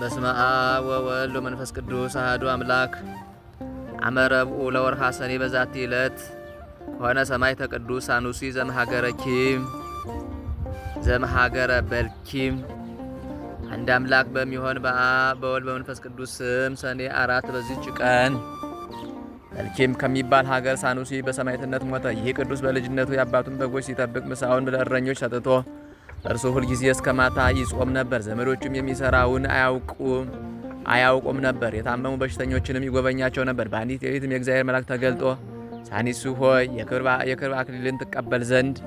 በስመ አብ ወወልድ ወመንፈስ ቅዱስ አህዱ አምላክ። አመረብ ለወርሃ ሰኔ በዛቲ ዕለት ሆነ ሰማዕተ ቅዱስ ሳኑሲ ዘመሃገረ ኪም ዘመሃገረ በልኪም። አንድ አምላክ በሚሆን በአብ በወልድ በመንፈስ ቅዱስ ስም ሰኔ አራት በዚች ቀን በልኪም ከሚባል ሀገር ሳኑሲ በሰማዕትነት ሞተ። ይህ ቅዱስ በልጅነቱ የአባቱን በጎች ሲጠብቅ ምሳውን ለእረኞች ሰጥቶ እርሱ ሁልጊዜ እስከ ማታ ይጾም ነበር። ዘመዶቹም የሚሰራውን አያውቁም አያውቁም ነበር። የታመሙ በሽተኞችንም ይጎበኛቸው ነበር። በአንዲት ሌሊትም የእግዚአብሔር መልአክ ተገልጦ ሳኒሱ ሆይ የክብር አክሊልን ትቀበል ዘንድ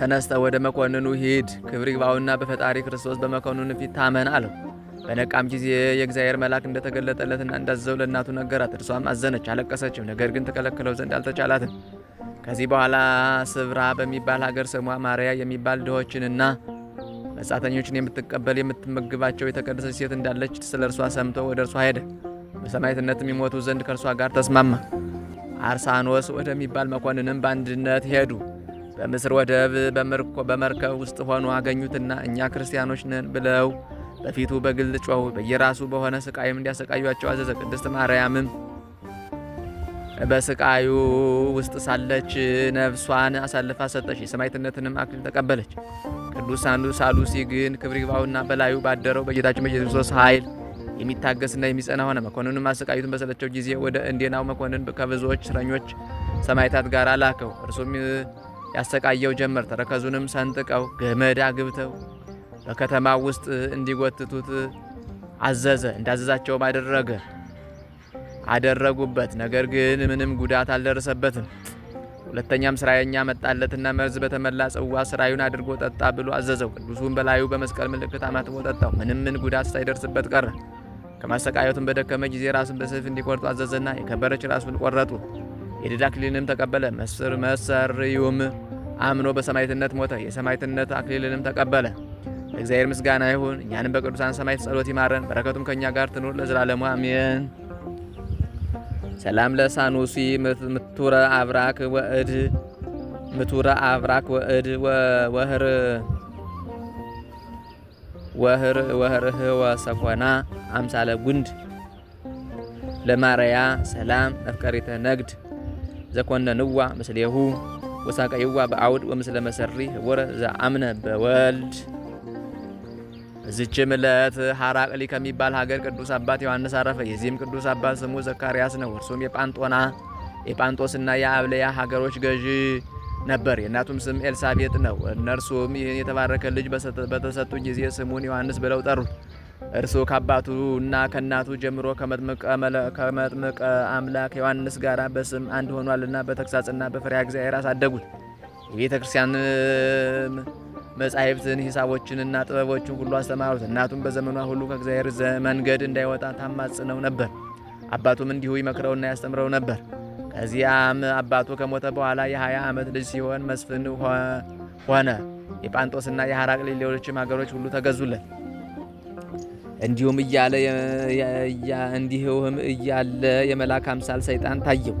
ተነስተ ወደ መኮንኑ ሂድ፣ ክብር ይግባውና በፈጣሪ ክርስቶስ በመኮንኑ ፊት ታመን አለው። በነቃም ጊዜ የእግዚአብሔር መልአክ እንደተገለጠለትና እንዳዘዘው ለእናቱ ነገራት። እርሷም አዘነች፣ አለቀሰችም። ነገር ግን ተከለክለው ዘንድ አልተቻላትም። ከዚህ በኋላ ስብራ በሚባል ሀገር ስሟ ማርያ የሚባል ድሆችንና መጻተኞችን የምትቀበል የምትመግባቸው የተቀደሰች ሴት እንዳለች ስለ እርሷ ሰምቶ ወደ እርሷ ሄደ። በሰማይትነት የሚሞቱ ዘንድ ከእርሷ ጋር ተስማማ። አርሳኖስ ወደሚባል መኮንንም በአንድነት ሄዱ። በምስር ወደብ በመርከብ ውስጥ ሆኖ አገኙትና እኛ ክርስቲያኖች ነን ብለው በፊቱ በግልጽ ጮኹ። በየራሱ በሆነ ስቃይም እንዲያሰቃዩቸው አዘዘ። ቅድስት ማርያምም በስቃዩ ውስጥ ሳለች ነፍሷን አሳልፋ ሰጠች። የሰማዕትነትንም አክሊል ተቀበለች። ቅዱስ ሳሉሲ ግን ክብር ይግባውና በላዩ ባደረው በጌታችን በኢየሱስ ክርስቶስ ኃይል የሚታገስና የሚጸና ሆነ። መኮንኑም አሰቃዩትን በሰለቸው ጊዜ ወደ እንዴናው መኮንን ከብዙዎች እስረኞች ሰማዕታት ጋር ላከው። እርሱም ያሰቃየው ጀመር። ተረከዙንም ሰንጥቀው ገመድ አግብተው በከተማው ውስጥ እንዲጎትቱት አዘዘ። እንዳዘዛቸውም አደረገ። አደረጉበት። ነገር ግን ምንም ጉዳት አልደረሰበትም። ሁለተኛም ስራየኛ መጣለትና መርዝ በተመላ ጽዋ ስራዩን አድርጎ ጠጣ ብሎ አዘዘው። ቅዱሱም በላዩ በመስቀል ምልክት አማትቦ ጠጣው። ምንም ምን ጉዳት ሳይደርስበት ቀረ። ከማሰቃየቱን በደከመ ጊዜ ራሱን በሰይፍ እንዲቆርጡ አዘዘና የከበረች ራሱን ቆረጡ። የድል አክሊልንም ተቀበለ። መሰሪውም አምኖ በሰማይትነት ሞተ። የሰማይትነት አክሊልንም ተቀበለ። ለእግዚአብሔር ምስጋና ይሁን። እኛንም በቅዱሳን ሰማይት ጸሎት ይማረን፣ በረከቱም ከእኛ ጋር ትኑር ለዘላለሙ አሜን። ሰላም ለሳኑሲ ምቱረ አብራክ ወእድ ምቱረ አብራክ ወእድ ወህር ወህር ወህርህ ወሰኮና አምሳለ ጉንድ ለማርያ ሰላም መፍቀሪተ ነግድ ዘኮነንዋ ምስሌሁ ወሳቀይዋ በአውድ ወምስለ መሰሪ ህወረ ዘአምነ በወልድ በዚችም ዕለት ሐራቅሊ ከሚባል ሀገር ቅዱስ አባት ዮሐንስ አረፈ። የዚህም ቅዱስ አባት ስሙ ዘካርያስ ነው። እርሱም የጳንጦና የጳንጦስና የአብለያ ሀገሮች ገዢ ነበር። የእናቱም ስም ኤልሳቤጥ ነው። እነርሱም ይህን የተባረከ ልጅ በተሰጡ ጊዜ ስሙን ዮሐንስ ብለው ጠሩት። እርሱ ከአባቱና ከእናቱ ጀምሮ ከመጥምቀ አምላክ ዮሐንስ ጋር በስም አንድ ሆኗልና በተግሳጽና በፍሪያ እግዚአብሔር አሳደጉት። የቤተ ክርስቲያን መጻሕፍትን ሂሳቦችንና ጥበቦችን ሁሉ አስተማሩት። እናቱም በዘመኗ ሁሉ ከእግዚአብሔር መንገድ እንዳይወጣ ታማጽነው ነበር። አባቱም እንዲሁ ይመክረውና ያስተምረው ነበር። ከዚያም አባቱ ከሞተ በኋላ የሀያ ዓመት ልጅ ሲሆን መስፍን ሆነ። የጳንጦስና የሐራቅሊ ሌሎችም ሀገሮች ሁሉ ተገዙለት። እንዲሁም እያለ እንዲሁም እያለ የመላክ አምሳል ሰይጣን ታየው።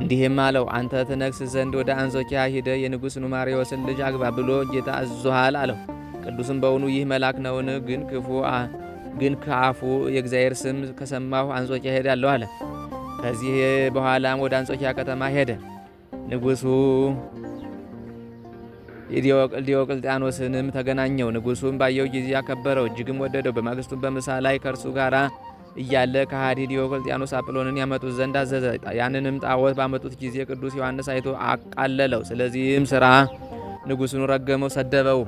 እንዲህም አለው፣ አንተ ትነግስ ዘንድ ወደ አንጾኪያ ሂደ የንጉሥ ኑማሪዎስን ልጅ አግባ ብሎ ጌታ አዞሃል አለው። ቅዱስም በውኑ ይህ መልአክ ነውን? ግን ክፉ ግን ከአፉ የእግዚአብሔር ስም ከሰማሁ አንጾኪያ ሄዳለሁ አለ። ከዚህ በኋላም ወደ አንጾኪያ ከተማ ሄደ። ንጉሱ ዲዮቅልጥያኖስንም ተገናኘው። ንጉሱም ባየው ጊዜ አከበረው፣ እጅግም ወደደው። በማግስቱም በምሳ ላይ ከእርሱ ጋራ እያለ ከሃዲ ዲዮቅልጥያኖስ አጵሎንን ያመጡት ዘንድ አዘዘ። ያንንም ጣዖት ባመጡት ጊዜ ቅዱስ ዮሐንስ አይቶ አቃለለው። ስለዚህም ስራ ንጉሱን ረገመው፣ ሰደበው።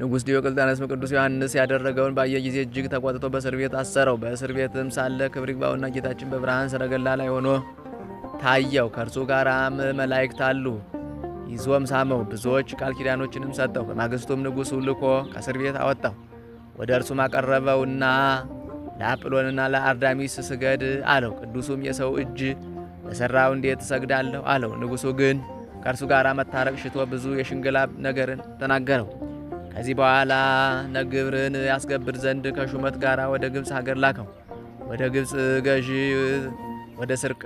ንጉስ ዲዮቅልጥያኖስም ቅዱስ ዮሐንስ ያደረገውን ባየ ጊዜ እጅግ ተቆጥቶ በእስር ቤት አሰረው። በእስር ቤትም ሳለ ክብር ይግባውና ጌታችን በብርሃን ሰረገላ ላይ ሆኖ ታየው። ከእርሱ ጋራም መላእክት አሉ። ይዞም ሳመው፣ ብዙዎች ቃል ኪዳኖችንም ሰጠው። በማግስቱም ንጉሱ ልኮ ከእስር ቤት አወጣው፣ ወደ እርሱም አቀረበውና ለአጵሎንና ለአርዳሚስ ስገድ አለው። ቅዱሱም የሰው እጅ ለሠራው እንዴት እሰግዳለሁ አለው። ንጉሡ ግን ከእርሱ ጋር መታረቅ ሽቶ ብዙ የሽንግላብ ነገርን ተናገረው። ከዚህ በኋላ ነግብርን ያስገብር ዘንድ ከሹመት ጋር ወደ ግብፅ ሀገር ላከው። ወደ ግብፅ ገዢ ወደ ስርቅ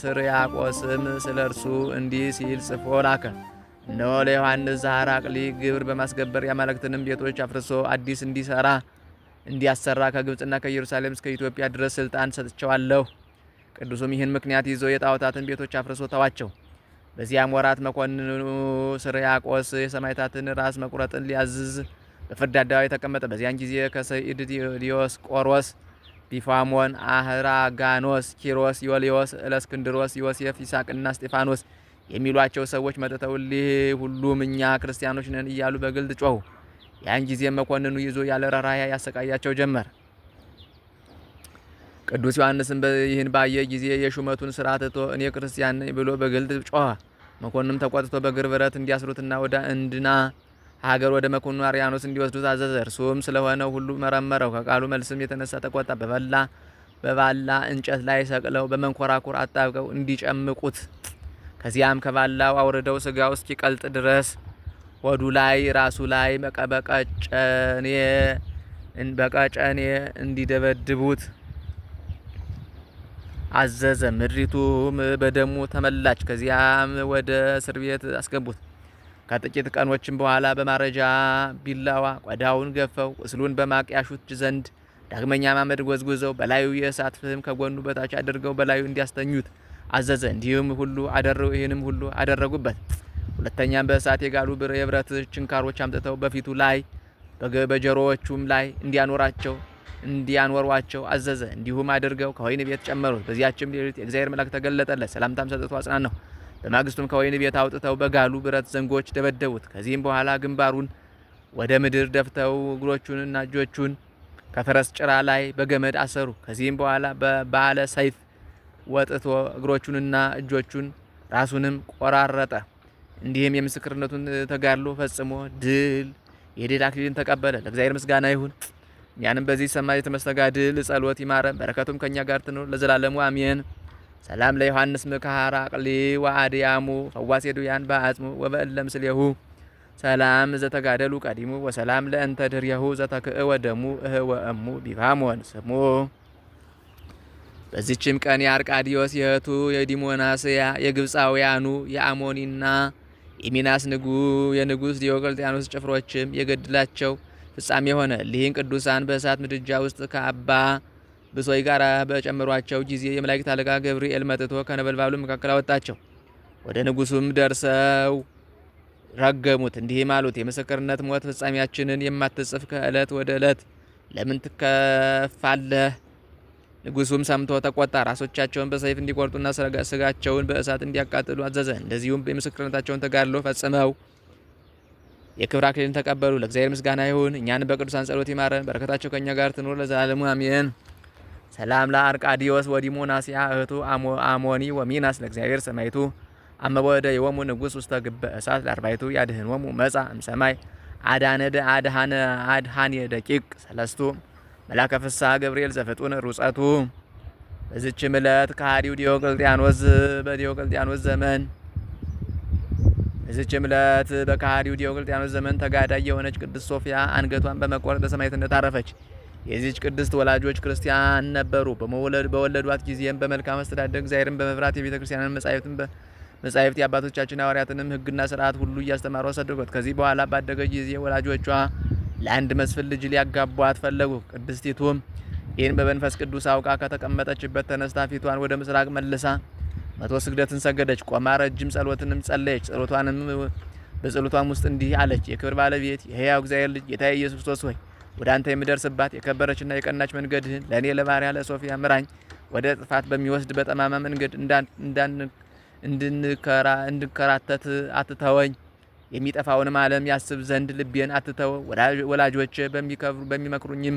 ስርያቆስም ስለ እርሱ እንዲህ ሲል ጽፎ ላከ። እነሆ ለዮሐንስ ዘሐራቅሊ ግብር በማስገበር የአማልክትንም ቤቶች አፍርሶ አዲስ እንዲሠራ እንዲያሰራ ከግብጽና ከኢየሩሳሌም እስከ ኢትዮጵያ ድረስ ስልጣን ሰጥቸዋለሁ። ቅዱሱም ይህን ምክንያት ይዞ የጣዖታትን ቤቶች አፍርሶ ተዋቸው። በዚያም ወራት መኮንኑ ስርያቆስ የሰማይታትን ራስ መቁረጥን ሊያዝዝ በፍርድ አደባባይ ተቀመጠ። በዚያን ጊዜ ከሰኢድ ዲዮስቆሮስ፣ ዲፋሞን፣ አህራጋኖስ፣ ኪሮስ፣ ዮልዮስ፣ እለስክንድሮስ፣ ዮሴፍ፣ ይሳቅና እስጢፋኖስ የሚሏቸው ሰዎች መጥተው ሁሉም እኛ ክርስቲያኖች ነን እያሉ በግልጥ ጮሁ። ያን ጊዜ መኮንኑ ይዞ ያለ ራራያ ያሰቃያቸው ጀመር። ቅዱስ ዮሐንስም ይህን ባየ ጊዜ የሹመቱን ስራ ትቶ እኔ ክርስቲያን ነኝ ብሎ በግልጥ ጮኸ። መኮንንም ተቆጥቶ በግር ብረት እንዲያስሩትና ወደ እንድና ሀገር ወደ መኮንኑ አርያኖስ እንዲወስዱት አዘዘ። እርሱም ስለሆነ ሁሉ መረመረው። ከቃሉ መልስም የተነሳ ተቆጣ። በበላ በባላ እንጨት ላይ ሰቅለው በመንኮራኩር አጣብቀው እንዲጨምቁት ከዚያም ከባላው አውርደው ስጋው እስኪቀልጥ ድረስ ሆዱ ላይ ራሱ ላይ በቀጨኔ በቀጨኔ እንዲደበድቡት አዘዘ። ምድሪቱም በደሙ ተመላች። ከዚያም ወደ እስር ቤት አስገቡት። ከጥቂት ቀኖችም በኋላ በማረጃ ቢላዋ ቆዳውን ገፈው ቁስሉን በማቅ ያሹት ዘንድ ዳግመኛ ማመድ ጎዝጉዘው በላዩ የእሳት ፍህም ከጎኑ በታች አድርገው በላዩ እንዲያስተኙት አዘዘ። እንዲህም ሁሉ አደረው ይህንም ሁሉ አደረጉበት። ሁለተኛም በእሳት የጋሉ የብረት ችንካሮች አምጥተው በፊቱ ላይ በጀሮዎቹም ላይ እንዲያኖራቸው እንዲያኖሯቸው አዘዘ። እንዲሁም አድርገው ከወይን ቤት ጨመሩት። በዚያችም ሌሊት የእግዚአብሔር መልአክ ተገለጠለት፣ ሰላምታም ሰጥቶ ነው በማግስቱም ከወይን ቤት አውጥተው በጋሉ ብረት ዘንጎች ደበደቡት። ከዚህም በኋላ ግንባሩን ወደ ምድር ደፍተው እግሮቹንና እጆቹን ከፈረስ ጭራ ላይ በገመድ አሰሩ። ከዚህም በኋላ በባለ ሰይፍ ወጥቶ እግሮቹንና እጆቹን ራሱንም ቆራረጠ። እንዲህም የምስክርነቱን ተጋድሎ ፈጽሞ ድል የድል አክሊልን ተቀበለ። ለእግዚአብሔር ምስጋና ይሁን። እኛንም በዚህ ሰማይ የተመስተጋድል ጸሎት ይማረን፣ በረከቱም ከእኛ ጋር ትኑር ለዘላለሙ አሜን። ሰላም ለዮሐንስ ምካሃራ ቅሊ ወአድያሙ ፈዋስ የዱያን በአጽሙ ወበእለ ምስሌሁ ሰላም ዘተጋደሉ ቀዲሙ ወሰላም ለእንተ ድህሬሁ ዘተክእ ወደሙ እህ ወእሙ ቢፋሞን ስሙ። በዚችም ቀን የአርቃዲዮስ የእህቱ የዲሞናስያ የግብፃውያኑ የአሞኒና የሚናስ ንጉ የንጉስ ዲዮቅልጥያኖስ ጭፍሮችም የገድላቸው ፍጻሜ ሆነ። ሊህን ቅዱሳን በእሳት ምድጃ ውስጥ ከአባ ብሶይ ጋር በጨመሯቸው ጊዜ የመላእክት አለቃ ገብርኤል መጥቶ ከነበልባሉ መካከል አወጣቸው። ወደ ንጉሱም ደርሰው ረገሙት፣ እንዲህም አሉት፦ የምስክርነት ሞት ፍጻሜያችንን የማትጽፍ ከእለት ወደ እለት ለምን ትከፋለህ? ንጉሱም ሰምቶ ተቆጣ። ራሶቻቸውን በሰይፍ እንዲቆርጡና ስጋቸውን በእሳት እንዲያቃጥሉ አዘዘ። እንደዚሁም የምስክርነታቸውን ተጋድሎ ፈጽመው የክብር አክሊልን ተቀበሉ። ለእግዚአብሔር ምስጋና ይሁን፣ እኛንም በቅዱሳን ጸሎት ይማረን፣ በረከታቸው ከእኛ ጋር ትኑር ለዘላለሙ አሜን። ሰላም ለአርቃዲዮስ ወዲሞናስያ እህቱ አሞኒ ወሚናስ ለእግዚአብሔር ሰማይቱ አመወደ የወሙ ንጉስ ውስተ ግበ እሳት ለአርባይቱ ያድህን ወሙ መጻ እምሰማይ አዳነደ አድሃን የደቂቅ ሰለስቱ መልአከ ፍስሐ ገብርኤል ዘፍጡን ሩጸቱ። በዚችም ዕለት ከሃዲው ዲዮቅልጥያኖስ በዲዮቅልጥያኖስ ዘመን በዚችም ዕለት በከሃዲው ዲዮቅልጥያኖስ ዘመን ተጋዳይ የሆነች ቅድስት ሶፊያ አንገቷን በመቆረጥ በሰማዕትነት አረፈች። የዚች ቅድስት ወላጆች ክርስቲያን ነበሩ። በወለዷት ጊዜም በመልካም አስተዳደር እግዚአብሔርን በመፍራት የቤተ ክርስቲያንን መጻሕፍትን መጻሕፍት የአባቶቻችን ሐዋርያትንም ሕግና ስርዓት ሁሉ እያስተማሩ አሳደጓት። ከዚህ በኋላ ባደገች ጊዜ ወላጆቿ ለአንድ መስፍን ልጅ ሊያጋቧት ፈለጉ። ቅድስቲቱም ይህን በመንፈስ ቅዱስ አውቃ ከተቀመጠችበት ተነስታ ፊቷን ወደ ምስራቅ መልሳ መቶ ስግደትን ሰገደች። ቆማ ረጅም ጸሎትንም ጸለየች። ጸሎቷንም በጸሎቷም ውስጥ እንዲህ አለች። የክብር ባለቤት የሕያው እግዚአብሔር ልጅ ጌታ ኢየሱስ ክርስቶስ ሆይ ወደ አንተ የምደርስባት የከበረችና የቀናች መንገድህን ለእኔ ለባሪያ ለሶፊያ ምራኝ። ወደ ጥፋት በሚወስድ በጠማማ መንገድ እንድንከራተት አትተወኝ። የሚጠፋውንም ዓለም ያስብ ዘንድ ልቤን አትተው። ወላጆች በሚከብሩ በሚመክሩኝም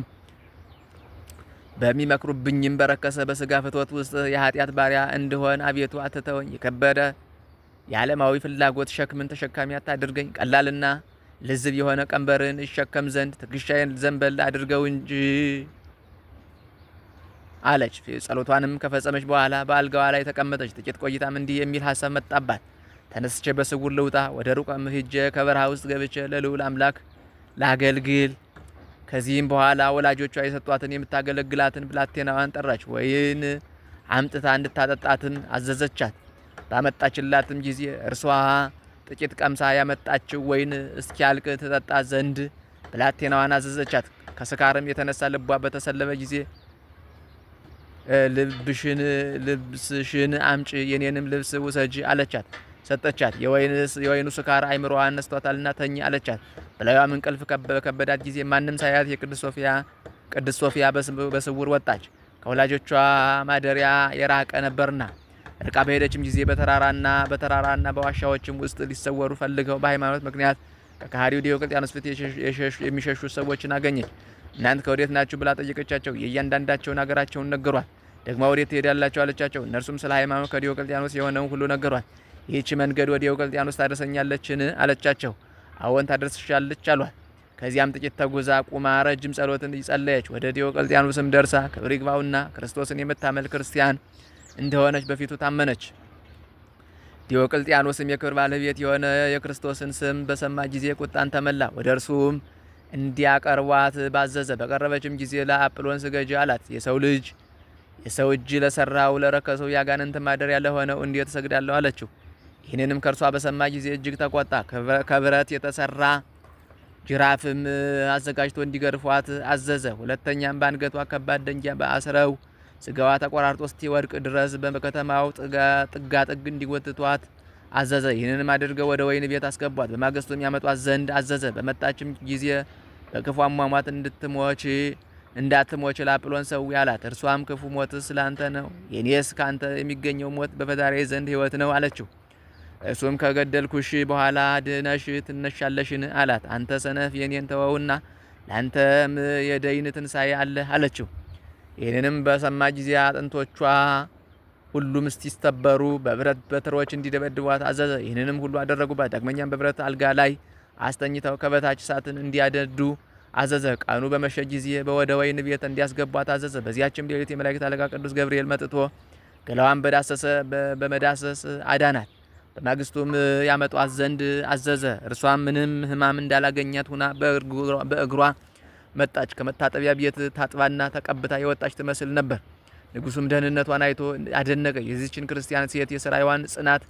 በሚመክሩብኝም በረከሰ በስጋ ፍትወት ውስጥ የኃጢአት ባሪያ እንድሆን አቤቱ አትተውኝ። የከበደ የዓለማዊ ፍላጎት ሸክምን ተሸካሚ አታድርገኝ። ቀላልና ልዝብ የሆነ ቀንበርን እሸከም ዘንድ ትከሻዬን ዘንበል አድርገው እንጂ አለች። ጸሎቷንም ከፈጸመች በኋላ በአልጋዋ ላይ ተቀመጠች። ጥቂት ቆይታም እንዲህ የሚል ሀሳብ መጣባት። ተነስቼ በስውር ልውጣ፣ ወደ ሩቅም ሂጄ ከበረሃ ውስጥ ገብቼ ለልዑል አምላክ ላገልግል። ከዚህም በኋላ ወላጆቿ የሰጧትን የምታገለግላትን ብላቴናዋን ጠራች። ወይን አምጥታ እንድታጠጣትን አዘዘቻት። ባመጣችላትም ጊዜ እርሷ ጥቂት ቀምሳ ያመጣችው ወይን እስኪያልቅ ትጠጣ ዘንድ ብላቴናዋን አዘዘቻት። ከስካርም የተነሳ ልቧ በተሰለበ ጊዜ ልብስሽን አምጪ፣ የኔንም ልብስ ውሰጂ አለቻት። ሰጠቻት። የወይኑ ስካር አይምሮ አነስቷታልና ተኝ አለቻት። በላዩዋ እንቅልፍ በከበዳት ጊዜ ማንም ሳያት የቅድስት ሶፊያ በስውር ወጣች፣ ከወላጆቿ ማደሪያ የራቀ ነበርና። እርቃ በሄደችም ጊዜ በተራራና በተራራና በዋሻዎችም ውስጥ ሊሰወሩ ፈልገው በሃይማኖት ምክንያት ከከሃዲው ዲዮቅልጥያኖስ ፊት የሚሸሹ ሰዎችን አገኘች። እናንት ከወዴት ናችሁ ብላ ጠየቀቻቸው። የእያንዳንዳቸውን ሀገራቸውን ነገሯት። ደግሞ ወዴት ትሄዳላቸው አለቻቸው። እነርሱም ስለ ሃይማኖት ከዲዮቅልጥያኖስ የሆነውን ሁሉ ነገሯት። ይህች መንገድ ወደ ዲዮቅልጥያኖስ ታደርሰኛለችን? አለቻቸው። አዎን ታደርስሻለች አሏት። ከዚያም ጥቂት ተጉዛ ቁማ ረጅም ጸሎትን ጸለየች። ወደ ዲዮቅልጥያኖስም ደርሳ ክብር ይግባውና ክርስቶስን የምታመል ክርስቲያን እንደሆነች በፊቱ ታመነች። ዲዮቅልጥያኖስም የክብር ባለቤት የሆነ የክርስቶስን ስም በሰማ ጊዜ ቁጣን ተመላ። ወደ እርሱም እንዲያቀርቧት ባዘዘ። በቀረበችም ጊዜ ለአጵሎን ስገጂ አላት። የሰው ልጅ የሰው እጅ ለሰራው ለረከሰው ያጋንንት ማደሪያ ለሆነው እንዴት እሰግዳለሁ አለችው። ይህንንም ከእርሷ በሰማ ጊዜ እጅግ ተቆጣ። ከብረት የተሰራ ጅራፍም አዘጋጅቶ እንዲገርፏት አዘዘ። ሁለተኛም በአንገቷ ከባድ ደንጊያ በአስረው ስጋዋ ተቆራርጦ እስቲወድቅ ድረስ በከተማው ጥጋጥግ እንዲጎትቷት አዘዘ። ይህንንም አድርገው ወደ ወይን ቤት አስገቧት። በማግስቱም ያመጧት ዘንድ አዘዘ። በመጣችም ጊዜ በክፉ አሟሟት እንድትሞች እንዳትሞች ላጵሎን ሰው ያላት። እርሷም ክፉ ሞትስ ላንተ ነው፣ የኔስ ከአንተ የሚገኘው ሞት በፈጣሪ ዘንድ ህይወት ነው አለችው። እሱም ከገደልኩሽ በኋላ ድነሽ ትነሻለሽን? አላት። አንተ ሰነፍ የኔን ተወውና ለአንተም የደይን ትንሣኤ አለ አለችው። ይህንንም በሰማ ጊዜ አጥንቶቿ ሁሉም እስቲስተበሩ በብረት በትሮች እንዲደበድቧት አዘዘ። ይህንንም ሁሉ አደረጉባት። ዳግመኛም በብረት አልጋ ላይ አስተኝተው ከበታች እሳትን እንዲያደዱ አዘዘ። ቀኑ በመሸ ጊዜ በወደ ወይን ቤት እንዲያስገቧት አዘዘ። በዚያችም ሌሊት የመላእክት አለቃ ቅዱስ ገብርኤል መጥቶ ገላዋን በዳሰሰ በመዳሰስ አዳናት። በማግስቱም ያመጧት ዘንድ አዘዘ። እርሷም ምንም ሕማም እንዳላገኛት ሁና በእግሯ መጣች። ከመታጠቢያ ቤት ታጥባና ተቀብታ የወጣች ትመስል ነበር። ንጉሱም ደህንነቷን አይቶ አደነቀ። የዚችን ክርስቲያን ሴት የሰራይዋን ጽናት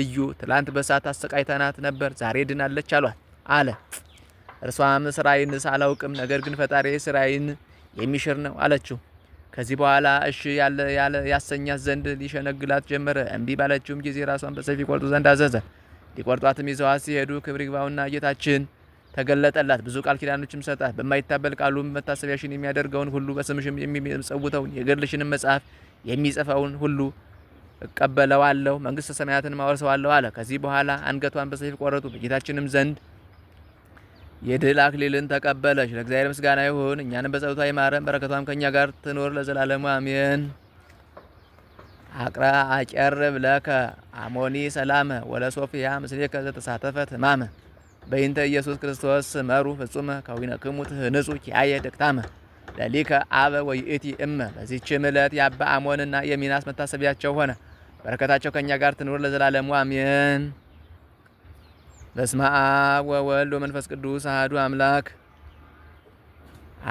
እዩ፣ ትላንት በሳት አሰቃይተናት ነበር፣ ዛሬ ድናለች አሏት አለ። እርሷም ስራዬን ሳላውቅም፣ ነገር ግን ፈጣሪ ስራዬን የሚሽር ነው አለችው። ከዚህ በኋላ እሺ ያሰኛት ዘንድ ሊሸነግላት ጀመረ። እምቢ ባለችውም ጊዜ ራሷን በሰይፍ ይቆርጡ ዘንድ አዘዘ። ሊቆርጧትም ይዘዋት ሲሄዱ ክብር ይግባውና ጌታችን ተገለጠላት። ብዙ ቃል ኪዳኖችም ሰጣት። በማይታበል ቃሉም መታሰቢያሽን የሚያደርገውን ሁሉ በስምሽም የሚጸውተውን የገድልሽንም መጽሐፍ የሚጽፈውን ሁሉ እቀበለዋለሁ፣ መንግስት ሰማያትን ማወርሰዋለሁ አለ። ከዚህ በኋላ አንገቷን በሰይፍ ቆረጡ። በጌታችንም ዘንድ የድል አክሊልን ተቀበለች። ለእግዚአብሔር ምስጋና ይሁን፣ እኛንም በጸሎቷ ይማረን፣ በረከቷም ከእኛ ጋር ትኖር ለዘላለሙ አሜን። አቅራ አጨርብ ለከ አሞኒ ሰላመ ወለሶፊያ ምስሌከ ዘተሳተፈት ትማመ በይንተ ኢየሱስ ክርስቶስ መሩ ፍጹመ ከዊነክሙ ትህንጹ ኪያየ ደቅታመ ለሊከ አበ ወይእቲ እመ። በዚህችም ምለት የአባ አሞንና የሚናስ መታሰቢያቸው ሆነ። በረከታቸው ከእኛ ጋር ትኑር ለዘላለሙ አሜን። በስመ አብ ወወልድ ወመንፈስ ቅዱስ አህዱ አምላክ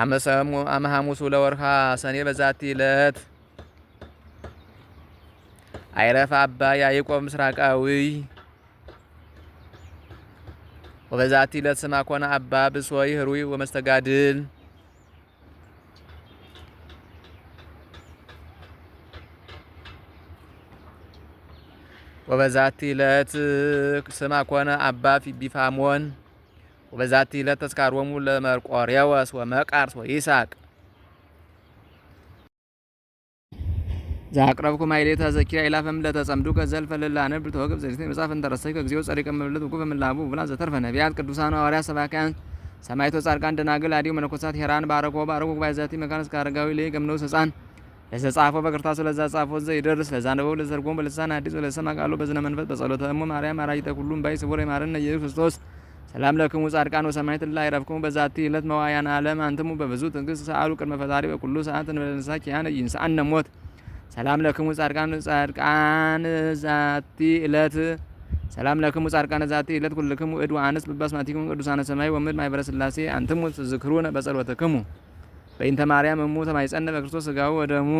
አመሰሙ ሐሙሱ ለወርሃ ሰኔ በዛቲ ዕለት አይረፈ አባ ያዕቆብ ምስራቃዊ ወበዛቲ ዕለት ስማ ኮነ አባ ብሶይ ህሩይ ወመስተጋድል ወበዛቲ ዕለት ስማ ኮነ አባ ቢፋሞን ወበዛቲ ዕለት ተስካሮሙ ለመርቆሬዎስ ወመቃርስ ወይሳቅ ዛቅረብኩ ማይሌታ ዘኪራ ኢላፈም ለተጸምዱ ከዘልፈ ነብር ተወግብ ዘሪተ መጻፍ እንተረሰይ ከግዚኦ ጸሪቀ መብለት ወቁፈ በምላቡ ብላ ዘተርፈ ነቢያት ቅዱሳን ሐዋርያት ሰባካያን ሰማይቶ ጻድቃን ደናግል አዲው መነኮሳት ሄራን ባረኮ ባረኮ ዘቲ መካነስ ካረጋዊ ለይ ገምነው ሰጻን ለተጻፈው በክርታስ ለዛ ዘ ይደርስ ለዛ ነበው ለዘርጎም በልሳን አዲስ ለሰማ ቃሉ በዝነ መንፈስ በጸሎተ እሙ ማርያም አራጅተ ሁሉም ባይ ስቡር የማረነ ኢየሱስ ክርስቶስ ሰላም ለክሙ ጻድቃን ወሰማዕት ላይ ረፍክሙ በዛቲ ዕለት መዋያን ዓለም አንትሙ በብዙ ትንግስ ሰአሉ ቅድመ ፈጣሪ በኩሉ ሰዓት እንበለንሳ ኪያነ ይንሳአነ ሞት ሰላም ለክሙ ጻድቃን ጻድቃን ዛቲ ዕለት ሰላም ለክሙ ጻድቃነ ዛቲ ዕለት ኩልክሙ እድ ወአንስት ብባስማቲክሙ ቅዱሳነ ሰማይ ወምድ ማኅበረ ሥላሴ አንትሙ ትዝክሩነ በጸሎትክሙ በእንተ ማርያም እሙ ተማይጸነ በክርስቶስ ስጋው ወደሙ